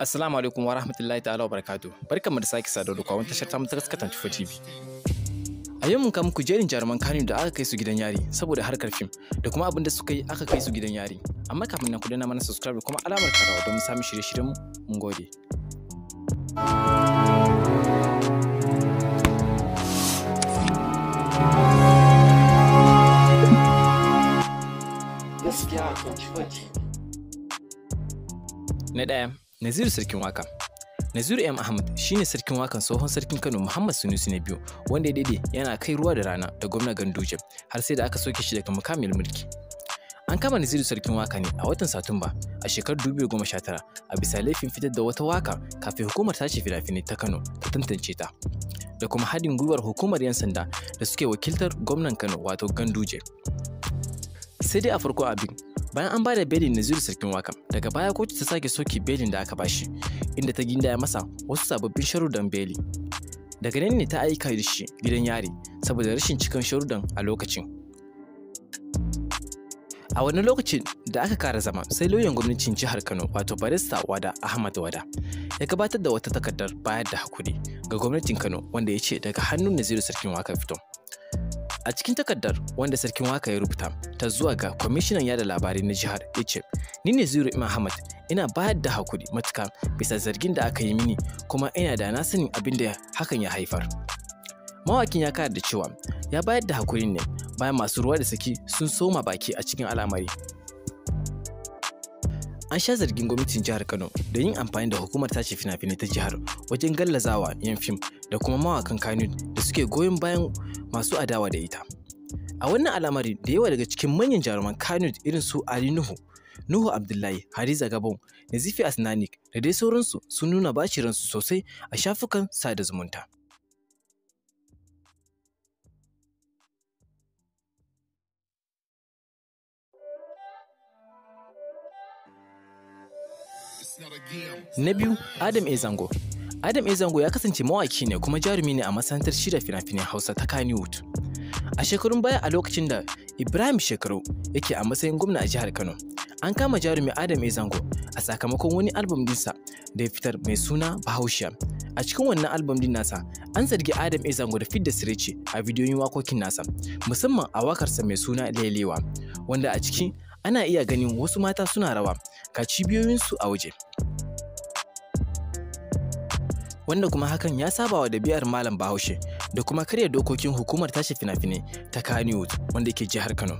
Assalamu alaikum wa rahmatullahi ta'ala wa barakatuh. Barkanmu da sake saduwa da kwawon tashar tamu ta gaskatan Tufa TV. A yau mun kawo muku jerin jaruman kanin da aka kai su gidan yari saboda harkar fim da kuma abin da suka yi aka kai su gidan yari. Amma kafin nan ku dana mana subscribe da kuma alamar karawa don mu samu shirye-shiryen mu. Mun gode. Gaskiya Na ɗaya. Naziru sarkin waka. Naziru M. Ahmad shi ne sarkin wakan tsohon sarkin Kano Muhammad Sunusi na biyu wanda ya daidai yana kai ruwa da rana da gwamna Ganduje har sai da aka soke shi daga mukamin mulki. An kama Naziru sarkin waka ne a watan Satumba a shekarar 2019 a bisa laifin fitar da wata waka kafin hukumar ta fina-finai ta Kano ta tantance ta. Da kuma haɗin gwiwar hukumar 'yan sanda da suke wakiltar gwamnan Kano wato Ganduje. Sai dai a farko abin bayan an bada belin zuri sarkin waka daga baya kotu ta sake soke belin da aka bashi inda ta gindaya masa wasu sababbin sharudan beli daga nan ne ta aika da shi gidan yari saboda rashin cikan sharudan a lokacin a wani lokacin da aka kara zama sai lauyan gwamnatin jihar kano wato barista wada ahmad wada ya gabatar da wata takardar bayar da hakuri ga gwamnatin kano wanda ya ce daga hannun naziru sarkin waka fito A cikin takardar wanda sarkin waka ya rubuta ta zuwa ga kwamishinan yada labarai na jihar ya ce, Ni ne Zuru Ahmad, ina bayar da hakuri matuka bisa zargin da aka yi mini kuma ina da na sanin abin da hakan ya haifar. Mawakin ya kara da cewa ya bayar da hakurin ne bayan masu ruwa da saki sun soma baki a cikin al'amari an sha zargin gwamnatin jihar Kano da yin amfani da hukumar tashi fina-finai ta jihar wajen gallazawa yan fim da kuma mawakan kanun da suke goyon bayan masu adawa da ita. A wannan al'amari da yawa daga cikin manyan jaruman Kano irin su Ali Nuhu, Nuhu Abdullahi, Hadiza Gabon, Nazifi Asnanik da dai sauransu sun nuna ransu sosai a shafukan sada zumunta. Na biyu, Adam Ezango. Adam Ezango ya kasance mawaki ne kuma jarumi ne a masantar shida fina-finan Hausa ta Kannywood. A shekarun baya a lokacin da Ibrahim Shekaru yake a matsayin gwamna a jihar Kano, an kama jarumi Adam Ezango a sakamakon wani album dinsa da ya fitar mai suna Bahaushiya. A cikin wannan album din nasa, an zargi Adam Ezango da fidda sirici a bidiyoyin wakokin nasa, musamman a wakarsa mai suna Lelewa, wanda a ciki ana iya ganin wasu mata suna rawa, ga cibiyoyinsu a waje. wanda kuma hakan ya saba wa ɗabi'ar malam bahaushe da kuma karya dokokin hukumar tashi fina-finai ta kaniwood wanda ke jihar kano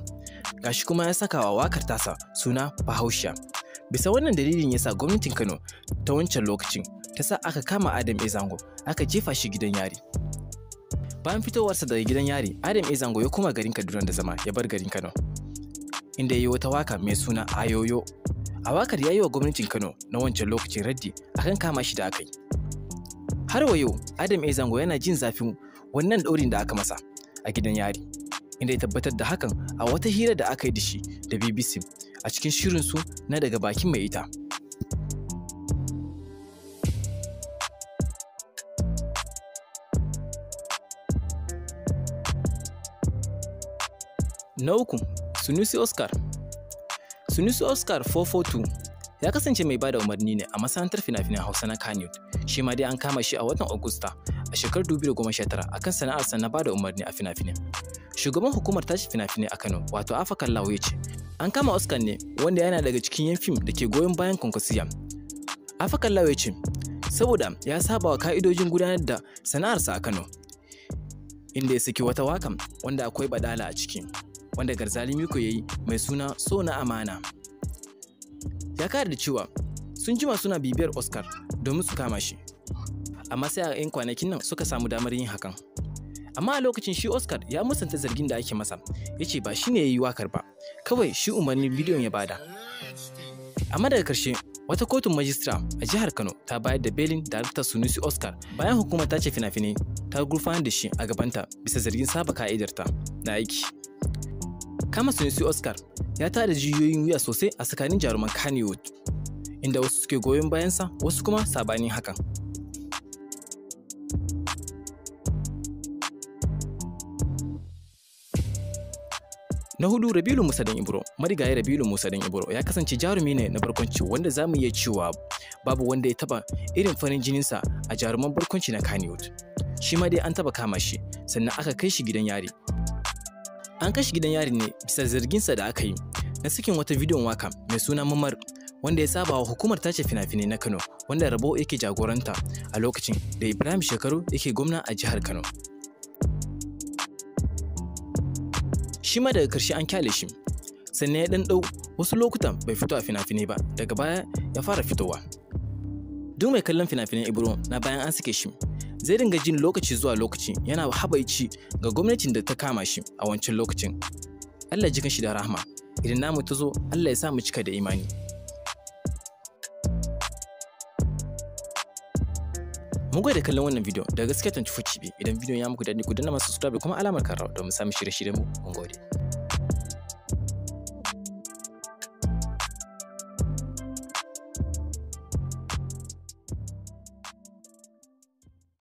gashi kuma ya saka wa wakar tasa suna bahaushe bisa wannan dalilin ya sa gwamnatin kano ta wancan lokacin ta sa aka kama adam ezango aka jefa shi gidan yari bayan fitowarsa daga gidan yari adam ezango ya kuma garin kaduna da zama ya bar garin kano inda ya yi wata waka mai suna ayoyo a wakar ya yi wa gwamnatin kano na wancan lokacin raddi akan kama shi da aka yi Har wa yau, Adam A. Zango yana jin zafin wannan ɗaurin da aka masa a gidan yari. Inda ya tabbatar da hakan a wata hira da aka yi da shi da BBC a cikin shirinsu na daga bakin mai ita. Na uku, Sunusi Oscar. Sunusi Oscar 442 ya kasance mai bada umarni ne a masana'antar fina-finan Hausa na Kanyut. Shi ma dai an kama shi a watan Agusta a shekarar 2019 kan sana'arsa na bada umarni a fina finan Shugaban hukumar tashi fina-finai a Kano, wato Afa Kallawo ya ce, an kama Oscar ne wanda yana daga cikin yan fim da ke goyon bayan konkosiya. Afa Kallawo ya ce, saboda ya saba wa ka'idojin gudanar da sana'arsa a Kano. Inda ya saki wata wakan wanda akwai badala a ciki, wanda Garzali Miko ya yi mai suna So na Amana. ya kara da cewa sun jima suna bibiyar oscar domin su kama shi amma sai a 'yan kwanakin nan suka samu damar yin hakan amma a lokacin shi oscar ya musanta zargin da ake masa ya ce ba shi ne ya yi wakar ba kawai shi umarnin bidiyon ya bada amma daga karshe wata kotun majistra a jihar kano ta bayar da belin da darakta sunusi oscar bayan hukumar ta ce fina-finai ta gurfanar da shi a gabanta bisa zargin saba ka'idarta na aiki Kama Sunusi Oscar ya tada jiyoyin wuya sosai a tsakanin jaruman Kannywood, inda wasu suke goyon bayansa wasu kuma sabanin hakan. Na hudu Rabilu Musa dan Ibro, marigayi Rabilu Musa dan Ibro ya kasance jarumi ne na barkwanci wanda zamu iya cewa babu wanda ya taba irin farin jinin sa a jaruman barkwanci na Kannywood. Shi ma dai an taba kama shi, sannan aka kai shi gidan yari. An kashe gidan yari ne bisa zarginsa da aka yi na sakin wata bidiyon waka mai suna Mamar wanda ya saba wa hukumar tace fina-finai na Kano wanda Rabo yake jagoranta a lokacin da Ibrahim Shekaru yake gwamna a jihar Kano. Shi ma daga ƙarshe an kyale shi sannan ya ɗan ɗau wasu lokutan bai fito a fina-finai ba daga baya ya fara fitowa. Duk mai kallon fina-finan Ibro na bayan an sake shi zai dinga jin lokaci zuwa lokaci yana habaici ga gwamnatin da ta kama shi a wancan lokacin Allah ji shi da rahama idan namu ta zo Allah ya sa mu cika da imani Mun gode kallon wannan bidiyo da gaskiya 24 cibi idan bidiyon ya muku daɗi ku danna masu subscribe kuma alamar karrawa don mu samu shirye-shiryen mu mun gode